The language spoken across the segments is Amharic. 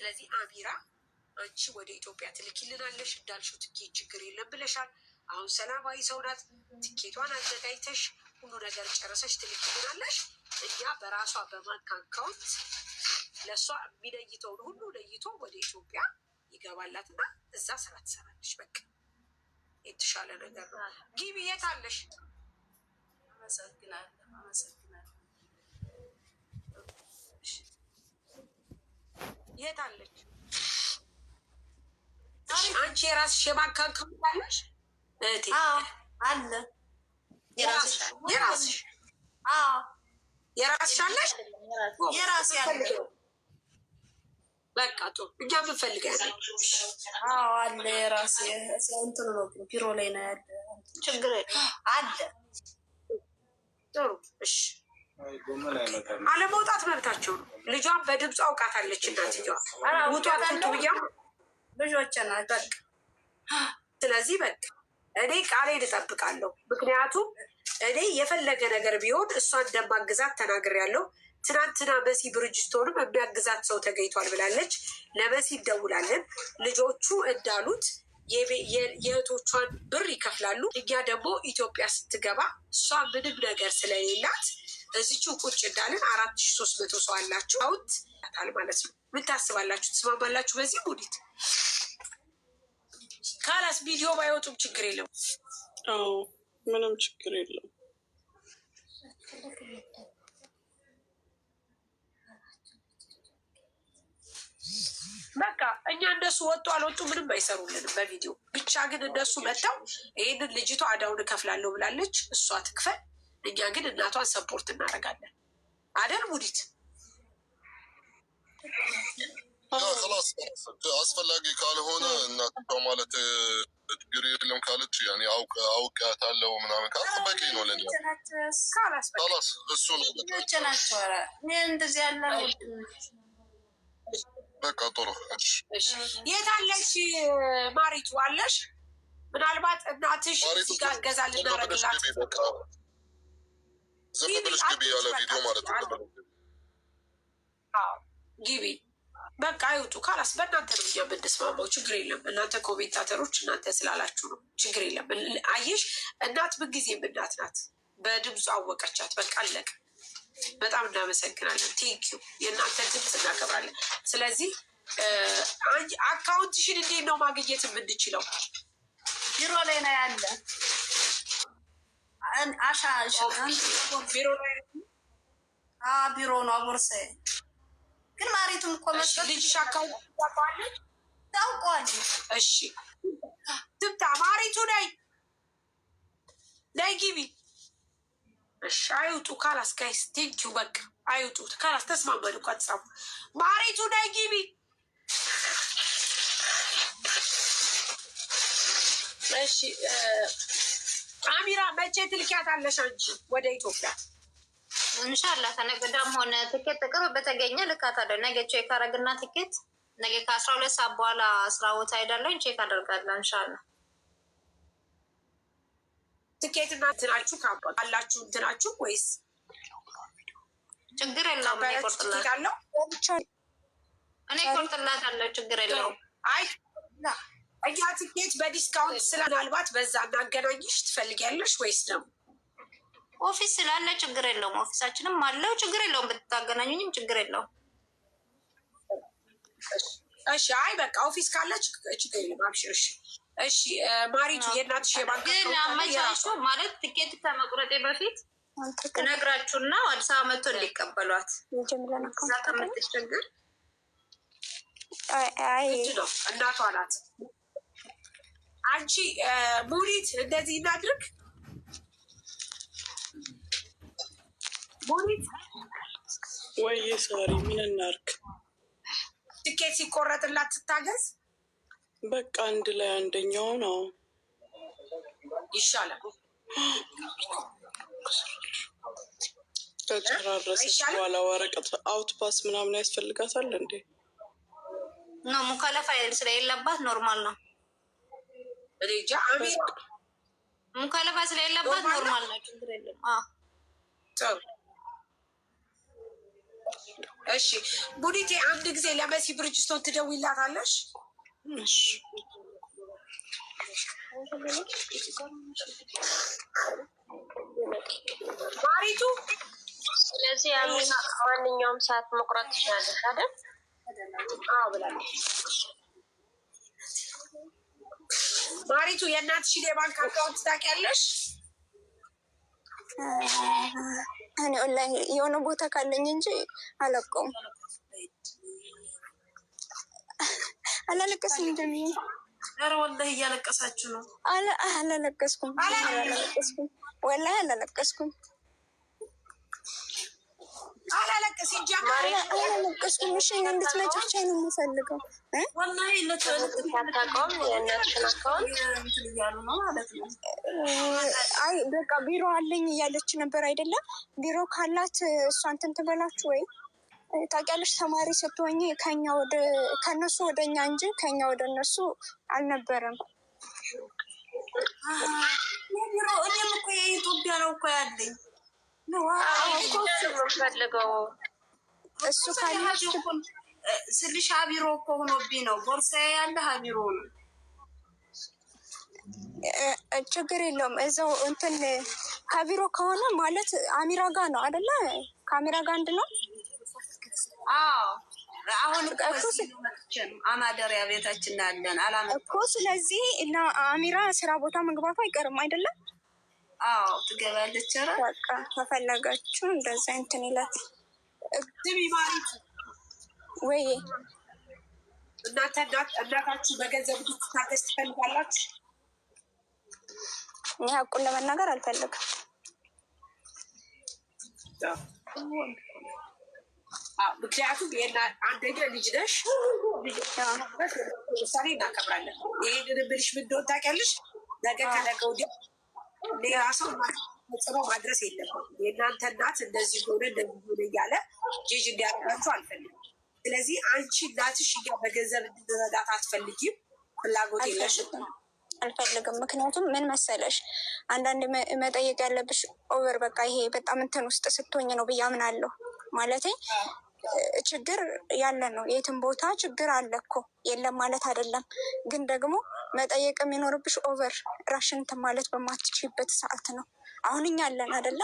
ስለዚህ አሚራ አንቺ ወደ ኢትዮጵያ ትልኪልናለሽ እንዳልሽው ትኬት ችግር የለም ብለሻል። አሁን ሰላማዊ ሰው ናት። ትኬቷን አዘጋጅተሽ ሁሉ ነገር ጨረሰች ትልኪልናለሽ። እኛ በራሷ በባንክ አካውንት ለእሷ የሚለይተውን ሁሉ ለይቶ ወደ ኢትዮጵያ ይገባላትና እዛ ስራ ትሰራለች። በቃ የተሻለ ነገር ነው። ጊቢ የት አለሽ? አመሰግናለሁ። የት አለች? አንቺ የራስሽ የባንክ አካውንት አለሽ? እህቴ አለ። የራስሽ የራስሽ አለሽ? የራስ ያለ በቃ ጥሩ። እኛ ምንፈልጋለን አለ። የራስ እንትኑ ነው ቢሮ ላይ ነው ያለ። ችግር አለ። ጥሩ እሺ አለመውጣት መብታቸው ነው። ልጇን በድምፅ አውቃታለች። እናትየዋ ውጧት ውጡ ብያ ልጆች ናት። ስለዚህ በቃ እኔ ቃሌ እጠብቃለሁ። ምክንያቱም እኔ የፈለገ ነገር ቢሆን እሷን እንደማግዛት ተናግሬያለሁ። ትናንትና መሲ ብርጅስቶንም የሚያግዛት ሰው ተገኝቷል ብላለች። ለመሲ እንደውላለን። ልጆቹ እንዳሉት የእህቶቿን ብር ይከፍላሉ። እኛ ደግሞ ኢትዮጵያ ስትገባ እሷ ምንም ነገር ስለሌላት እዚችው ቁጭ እንዳለን አራት ሺ ሶስት መቶ ሰው አላችሁ አውት ታል ማለት ነው። ምን ታስባላችሁ? ትስማማላችሁ? በዚህ ሙዲት ካላስ ቪዲዮ ባይወጡም ችግር የለም። አዎ ምንም ችግር የለም። በቃ እኛ እንደሱ ወጡ አልወጡ ምንም አይሰሩልንም። በቪዲዮ ብቻ ግን እነሱ መጥተው ይህንን ልጅቷ አዳውን እከፍላለሁ ብላለች፣ እሷ ትክፈል እኛ ግን እናቷን ሰፖርት እናደርጋለን አደል ሙዲት አስፈላጊ ካልሆነ እናትው ማለት ችግር የለም ካለች አውቃታለሁ ምናምን ካልኩ በቂ ነው ለእኔ። እሱ ነው በቃ ጥሩ። የት አለሽ ማሪቱ? አለሽ ምናልባት እናትሽ ጋር ልናረግላት ዝም ብለሽ ግቢ ያለ ቪዲዮ ማለት ነው። ግቢ በቃ አይውጡ። ካላስ በእናንተ ነው እኛ የምንስማማው። ችግር የለም እናንተ ኮሜንታተሮች፣ እናንተ ስላላችሁ ነው። ችግር የለም አየሽ፣ እናት ምንጊዜም እናት ናት። በድምፁ አወቀቻት። በቃ አለቀ። በጣም እናመሰግናለን። ቴንኪዩ። የእናንተ ድምፅ እናከብራለን። ስለዚህ አካውንትሽን እንዴት ነው ማግኘት የምንችለው? ቢሮ ላይ ነው ያለ ቢሮ ነው ቦርሳዬ። ግን ማሪቱም እኮ ልጅሽ አካባቢ ታውቀዋለች እሺ ትብታ ማሪቱ ላይ ላይ ግቢ። እሺ አይውጡ ካላስ ጋይስ ቴንኪዩ። በቃ አይውጡ ካላስ ተስማማን እኮ አትጻፉ። ማሪቱ ላይ ግቢ። እሺ አሚራ መቼ ትልኪያታለሽ አንቺ ወደ ኢትዮጵያ? እንሻላ ተነግዳም ሆነ ትኬት ጥቅም በተገኘ ልካታለሁ። ነገ ቼክ አረግና ትኬት ነገ ከአስራ ሁለት ሰዓት በኋላ ስራ ቦታ ሄዳለሁ። ቼክ አደርጋለሁ። እንሻላ ትኬትና እንትናችሁ ካላችሁ እንትናችሁ ወይስ ችግር የለውም። እኔ ቆርጥላታለሁ። እኔ ቆርጥላታለሁ። ችግር የለውም። አይ እኛ ትኬት በዲስካውንት ስለምናልባት በዛ እናገናኝሽ ትፈልጊያለሽ ወይስ ደግሞ ኦፊስ ስላለ ችግር የለውም። ኦፊሳችንም አለው ችግር የለውም። ብታገናኙኝም ችግር የለውም። እሺ፣ አይ በቃ ኦፊስ ካለ ችግር የለም። አብሽር። እሺ፣ እሺ። ማሪቱ የእናትሽ የባንክ ግን አመቻቹ ማለት ትኬት ከመቁረጤ በፊት እነግራችሁና አዲስ አበባ መጥቶ እንዲቀበሏት እዛ ከምትቸግር እናቷ ናት። አንቺ ሙኒት እንደዚህ እናድርግ። ሙኒት ወይ ሳሪ ምን እናርግ? ትኬት ሲቆረጥላት ትታገዝ። በቃ አንድ ላይ አንደኛው ነው ይሻላል። ከጨራረሰች በኋላ ወረቀት አውትፓስ ምናምን ያስፈልጋታል እንዴ? ነው ሙከለፋ ስለሌለባት ኖርማል ነው። እንኳን ስለሌለባት ኖርማል ነው፣ እሺ ቡዲቴ፣ አንድ ጊዜ ለመሲ ብርጅስቶን ትደውይላታለሽ። ማሪቱ፣ ስለዚህ ማንኛውም ሰዓት መቁረጥ ትችላለች አይደል? አዎ ብላለች። ማሪቱ የእናትሽን የባንክ አካውንት ታውቂያለሽ? እኔ ኦንላይን የሆነ ቦታ ካለኝ እንጂ አላውቀውም። አላለቀስም እንደ ኧረ ወላሂ እያለቀሳችሁ ነው። አላለቀስኩም፣ ወላሂ አላለቀስኩም። በቃ ቢሮ አለኝ እያለች ነበር አይደለም? ቢሮ ካላት እሷ እንትን ትበላችሁ ወይ ታውቂያለሽ፣ ተማሪ ስትሆኝ ከኛ ወደ ከነሱ ወደ እኛ እንጂ ከኛ ወደ እነሱ አልነበረም። ቢሮ እኔም እኮ የኢትዮጵያ ነው እኮ ያለኝ እሱ ስልሽ ሀቢሮ እኮ ሆኖብኝ ነው። ቦርሳዬ ያለ ሀቢሮ ነው። ችግር የለውም። እዛው እንትን ሀቢሮ ከሆነ ማለት አሚራ ጋ ነው አደለ? ከአሚራ ጋ አንድ ነው። አሁን አማደሪያ ቤታችን አለን አላመ እኮ። ስለዚህ አሚራ ስራ ቦታ መግባቱ አይቀርም አይደለም? አዎ ትገባለች። ኧረ በቃ ከፈለጋችሁ እንደዛ እንትን ይላት እግብ ይማሪት ወይ እናታችሁ በገንዘብ ዱክ ትፈልጋላችሁ? እኔ ሀቁን ለመናገር አልፈልግም። ምክንያቱም አንደኛ ልጅ ነሽ፣ ምሳሌ እናከብራለን። ይህንን ብልሽ ምን እንደሆነ ታውቂያለሽ። ነገ ከነገ ወዲያ ሌላ ሰው ተጽዕኖ ማድረስ የለበት። የእናንተ እናት እንደዚህ ሆነ እንደዚህ ሆነ እያለ ጅጅ እንዲያደርጋችሁ አልፈልግም። ስለዚህ አንቺ እናትሽ እኛ በገንዘብ እንድትረዳት አትፈልጊም፣ ፍላጎት የለሽም። አልፈልግም። ምክንያቱም ምን መሰለሽ፣ አንዳንድ መጠየቅ ያለብሽ ኦቨር በቃ ይሄ በጣም እንትን ውስጥ ስትሆኝ ነው ብዬ አምናለሁ። ማለት ችግር ያለ ነው፣ የትም ቦታ ችግር አለ እኮ የለም ማለት አይደለም። ግን ደግሞ መጠየቅ የሚኖርብሽ ኦቨር ራሽን ማለት በማትችይበት ሰዓት ነው። አሁን እኛ አለን አደላ።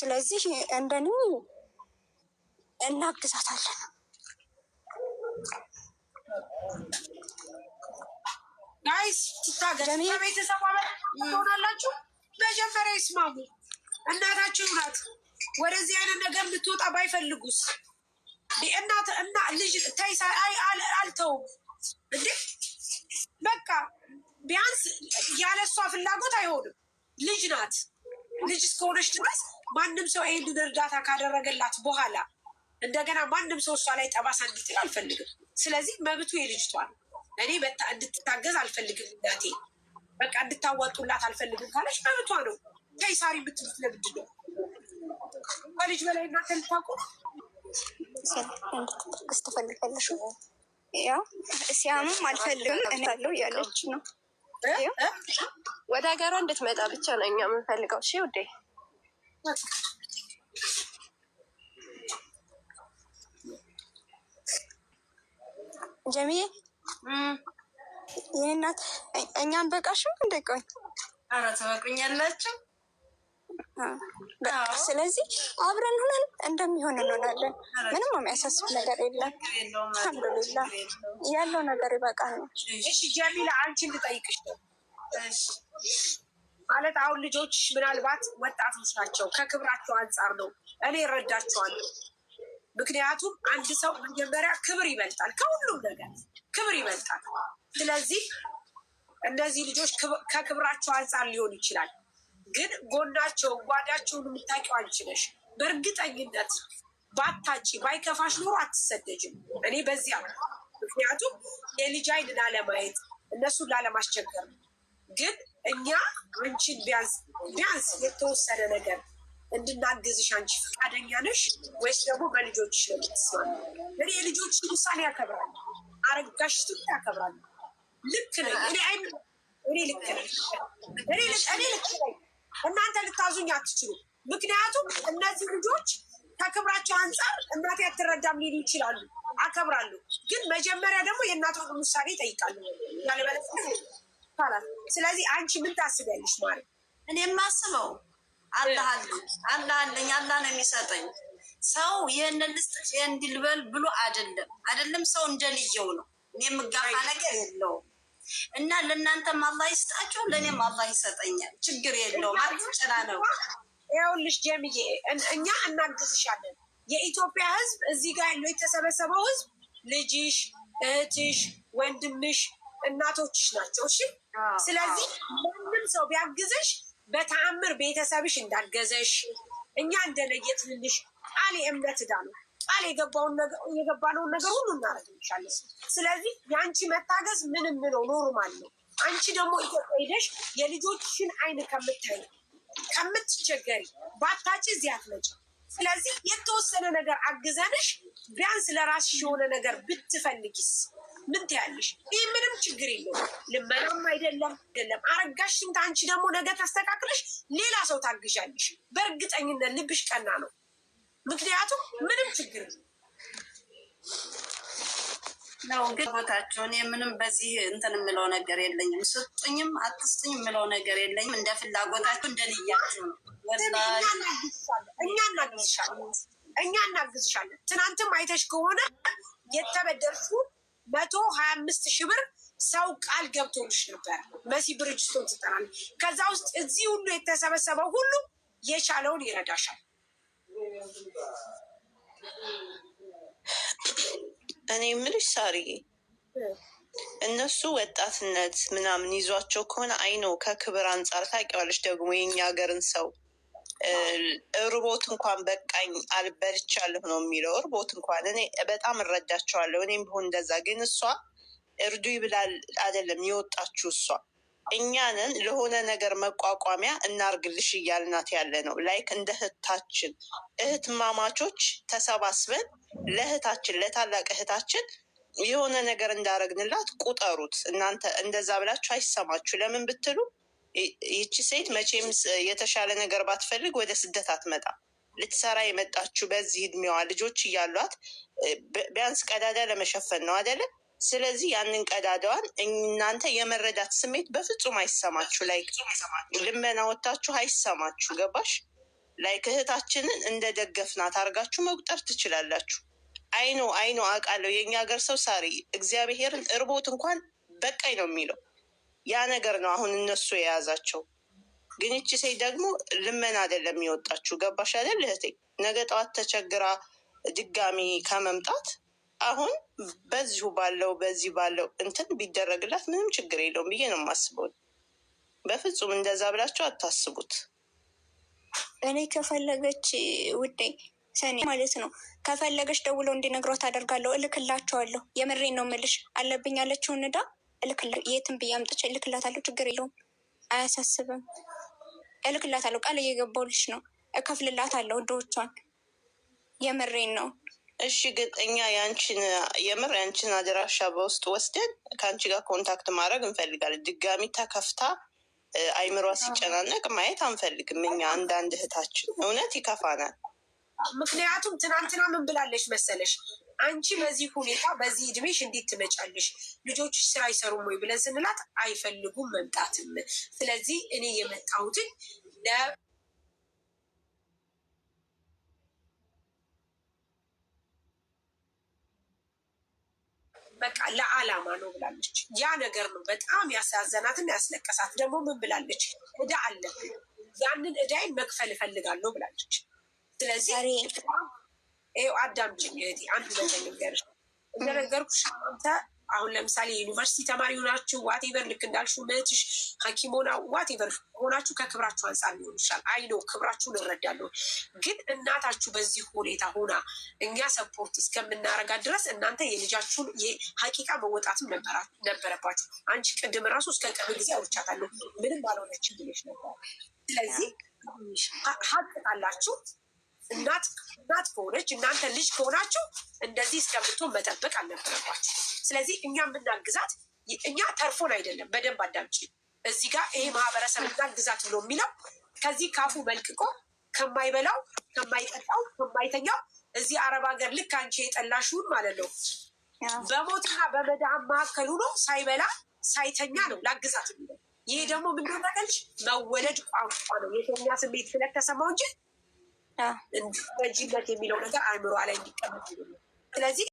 ስለዚህ እንደኒ እናግዛታለን። ጋይስ ቤተሰብ ሆናላችሁ። መጀመሪያ ይስማሙ። እናታችሁ ናት። ወደዚህ አይነት ነገር ልትወጣ ባይፈልጉስ እናት እና ልጅ ተይሳ አልተውም እንዴ በቃ ቢያንስ ያለ እሷ ፍላጎት አይሆንም። ልጅ ናት። ልጅ እስከሆነች ድረስ ማንም ሰው ይህንን እርዳታ ካደረገላት በኋላ እንደገና ማንም ሰው እሷ ላይ ጠባሳ እንዲጥል አልፈልግም። ስለዚህ መብቱ የልጅቷ ነው። እኔ እንድትታገዝ አልፈልግም። እናቴ በቃ እንድታዋጡላት አልፈልግም ካለች መብቷ ነው። ተይሳሪ የምትሉት ለምንድን ነው? ከልጅ በላይ እናንተ እንድትተክስ ትፈልጋለሽ? ያው ሲያምም አልፈልግም እላለሁ እያለች ነው። ወደ ሀገሯ እንድትመጣ ብቻ ነው እኛ የምንፈልገው። እሺ ውዴ ጀሚዬ ይህናት እኛን በቃሽም እንደቆኝ አረ ትበቁኛላችሁ ስለዚህ አብረን ሆነን እንደሚሆን እንሆናለን። ምንም የሚያሳስብ ነገር የለም። አልሐምዱሊላ ያለው ነገር ይበቃ ነው። እሺ ጀሚላ፣ አንቺ እንድጠይቅሽ ማለት አሁን ልጆች ምናልባት ወጣቶች ናቸው። ከክብራቸው አንጻር ነው እኔ እረዳቸዋለሁ። ምክንያቱም አንድ ሰው መጀመሪያ ክብር ይበልጣል፣ ከሁሉም ነገር ክብር ይበልጣል። ስለዚህ እነዚህ ልጆች ከክብራቸው አንጻር ሊሆን ይችላል ግን ጎናቸውን ጓዳቸውን የምታውቂው አንቺ ነሽ። በእርግጠኝነት ባታጭ ባይከፋሽ ኖሮ አትሰደጅም። እኔ በዚያ ምክንያቱም የልጅ አይን ላለማየት እነሱን ላለማስቸገር ግን እኛ አንቺን ቢያንስ ቢያንስ የተወሰነ ነገር እንድናግዝሽ አንቺ ፈቃደኛ ነሽ ወይስ ደግሞ በልጆችሽ ነው የምትስማሚ? እኔ የልጆችን ውሳኔ ያከብራል አረጋሽ ቱ ያከብራል። ልክ ነኝ እኔ አይ እኔ ልክ ነኝ እኔ ልክ ነኝ እናንተ ልታዙኝ አትችሉ። ምክንያቱም እነዚህ ልጆች ከክብራቸው አንጻር እናቴ ያትረዳም ሊሉ ይችላሉ። አከብራሉ፣ ግን መጀመሪያ ደግሞ የእናቷን ምሳሌ ይጠይቃሉ። ስለዚህ አንቺ ምን ታስቢያለሽ ማለ እኔ የማስበው አላሃለ አላህ አላ ነው የሚሰጠኝ። ሰው ይህንን ልስጥሽ እንዲልበል ብሎ አይደለም አይደለም ሰው እንደልየው ነው። እኔ የምጋፋ ነገር የለውም እና ለእናንተም አላህ ይስጣቸው፣ ለእኔም አላህ ይሰጠኛል። ችግር የለውም። አትጨና ነው። ይኸውልሽ ጀምዬ፣ እኛ እናግዝሻለን። የኢትዮጵያ ሕዝብ እዚህ ጋር ያለው የተሰበሰበው ሕዝብ ልጅሽ፣ እህትሽ፣ ወንድምሽ፣ እናቶችሽ ናቸው። እሺ፣ ስለዚህ ማንም ሰው ቢያግዝሽ በተአምር ቤተሰብሽ እንዳገዘሽ እኛ እንደለየትልልሽ ቃሌ የእምነት እዳ ነው። ቃል የገባነውን ነገር ሁሉ እናደርግልሻለን። ስለዚህ የአንቺ መታገዝ ምንም ነው ኖርማል ነው። አንቺ ደግሞ ኢትዮጵያ ሄደሽ የልጆችሽን አይን ከምታይ ከምትቸገሪ ባታጭ እዚህ አትመጪ። ስለዚህ የተወሰነ ነገር አግዘንሽ ቢያንስ ለራስሽ የሆነ ነገር ብትፈልጊስ ምን ትያለሽ? ይህ ምንም ችግር የለው? ልመናም አይደለም አይደለም አረጋሽም። አንቺ ደግሞ ነገ ተስተካክለሽ ሌላ ሰው ታግዣለሽ። በእርግጠኝነት ልብሽ ቀና ነው። ምክንያቱም ምንም ችግር ነው ግን ቦታቸው እኔ ምንም በዚህ እንትን የምለው ነገር የለኝም። ስጡኝም አትስጡኝ የምለው ነገር የለኝም። እንደ ፍላጎታቸው እንደ ነው። እኛ እናግዝሻለን፣ እኛ እናግዝሻለን። ትናንትም አይተሽ ከሆነ የተበደርሽው መቶ ሀያ አምስት ሺህ ብር ሰው ቃል ገብቶልሽ ነበር። መሲ ብርጅስቶን ትጠራል። ከዛ ውስጥ እዚህ ሁሉ የተሰበሰበው ሁሉ የቻለውን ይረዳሻል። እኔ የምልሽ ሳሪ እነሱ ወጣትነት ምናምን ይዟቸው ከሆነ አይ ነው ከክብር አንጻር ታውቂዋለሽ፣ ደግሞ የኛ ሀገርን ሰው እርቦት እንኳን በቃኝ አልበልቻለሁ ነው የሚለው። እርቦት እንኳን እኔ በጣም እረዳቸዋለሁ። እኔም ቢሆን እንደዛ። ግን እሷ እርዱ ይብላል አይደለም የወጣችሁ እሷ እኛንን ለሆነ ነገር መቋቋሚያ እናርግልሽ እያልናት ያለ ነው። ላይክ እንደ እህታችን ማማቾች ተሰባስበን ለእህታችን ለታላቅ እህታችን የሆነ ነገር እንዳረግንላት ቁጠሩት። እናንተ እንደዛ ብላችሁ አይሰማችሁ። ለምን ብትሉ ይቺ ሴት መቼም የተሻለ ነገር ባትፈልግ ወደ ስደት አትመጣም። ልትሰራ የመጣችሁ በዚህ እድሜዋ ልጆች እያሏት ቢያንስ ቀዳዳ ለመሸፈን ነው አደለም? ስለዚህ ያንን ቀዳዳዋን እናንተ የመረዳት ስሜት በፍጹም አይሰማችሁ። ላይ ልመና ወታችሁ አይሰማችሁ። ገባሽ? ላይ እህታችንን እንደ ደገፍናት አድርጋችሁ መቁጠር ትችላላችሁ። አይኖ አይኖ አውቃለሁ። የእኛ ሀገር ሰው ሳሪ እግዚአብሔርን እርቦት እንኳን በቃኝ ነው የሚለው። ያ ነገር ነው አሁን እነሱ የያዛቸው። ግን ይቺ ሴት ደግሞ ልመና አይደለም የሚወጣችሁ። ገባሽ አይደል እህቴ? ነገ ጠዋት ተቸግራ ድጋሚ ከመምጣት አሁን በዚሁ ባለው በዚህ ባለው እንትን ቢደረግላት ምንም ችግር የለውም ብዬ ነው የማስበው። በፍጹም እንደዛ ብላቸው አታስቡት። እኔ ከፈለገች ውዴ ሰኔ ማለት ነው ከፈለገች ደውለው እንዲነግሯት አደርጋለሁ፣ እልክላቸዋለሁ። የምሬን ነው ምልሽ አለብኝ ያለችውን እዳ የትም ብዬ አምጥቼ እልክላታለሁ። ችግር የለውም፣ አያሳስብም። እልክላታለሁ፣ ቃል እየገባሁልሽ ነው። እከፍልላታለሁ እዳዎቿን። የምሬን ነው እሺ ግን እኛ የአንቺን የምር የአንቺን አድራሻ በውስጥ ወስደን ከአንቺ ጋር ኮንታክት ማድረግ እንፈልጋለን። ድጋሚ ተከፍታ አይምሯ ሲጨናነቅ ማየት አንፈልግም። እኛ አንዳንድ እህታችን እውነት ይከፋናል። ምክንያቱም ትናንትና ምን ብላለች መሰለሽ? አንቺ በዚህ ሁኔታ በዚህ እድሜሽ እንዴት ትመጫለሽ? ልጆችሽ ስራ አይሰሩም ወይ ብለን ስንላት አይፈልጉም መምጣትም። ስለዚህ እኔ የመጣሁትን በቃ ለዓላማ ነው ብላለች። ያ ነገር ነው በጣም ያሳዘናትና ያስለቀሳት። ደግሞ ምን ብላለች? እዳ አለብኝ ያንን እዳይን መክፈል እፈልጋለሁ ብላለች። ስለዚህ አዳምጪኝ እህቴ አንድ ነገር ልንገርሽ። እንደነገርኩሽ አንተ አሁን ለምሳሌ ዩኒቨርሲቲ ተማሪ ሆናችሁ ዋቴቨር ልክ እንዳልሹ ምትሽ ሐኪሞና ዋቴቨር ሆናችሁ ከክብራችሁ አንጻር ሊሆን ይችላል። ነው ክብራችሁን እረዳለሁ። ግን እናታችሁ በዚህ ሁኔታ ሆና እኛ ሰፖርት እስከምናረጋ ድረስ እናንተ የልጃችሁን ሀቂቃ መወጣትም ነበረባችሁ። አንቺ ቅድም ራሱ እስከ ቅርብ ጊዜ አውርቻታለሁ ምንም ባልሆነች ነበር። ስለዚህ ሀቅ ካላችሁ እናት እናት ከሆነች እናንተ ልጅ ከሆናችሁ እንደዚህ እስከምትሆን መጠበቅ አልነበረባችሁ። ስለዚህ እኛ የምናግዛት እኛ ተርፎን አይደለም። በደንብ አዳምጪ። እዚህ ጋር ይሄ ማህበረሰብ እናግዛት ብሎ የሚለው ከዚህ ካፉ መልቅቆ ከማይበላው ከማይጠጣው ከማይተኛው እዚህ አረብ ሀገር ልክ አንቺ የጠላሽውን ማለት ነው በሞትና በመዳን መካከል ሆኖ ሳይበላ ሳይተኛ ነው ላግዛት የሚለው። ይሄ ደግሞ ምንድን ነው መወለድ ቋንቋ ነው። የተኛ ስሜት ስለተሰማው እንጂ በጅለት የሚለው ነገር አእምሮ ላይ እንዲቀመጥ። ስለዚህ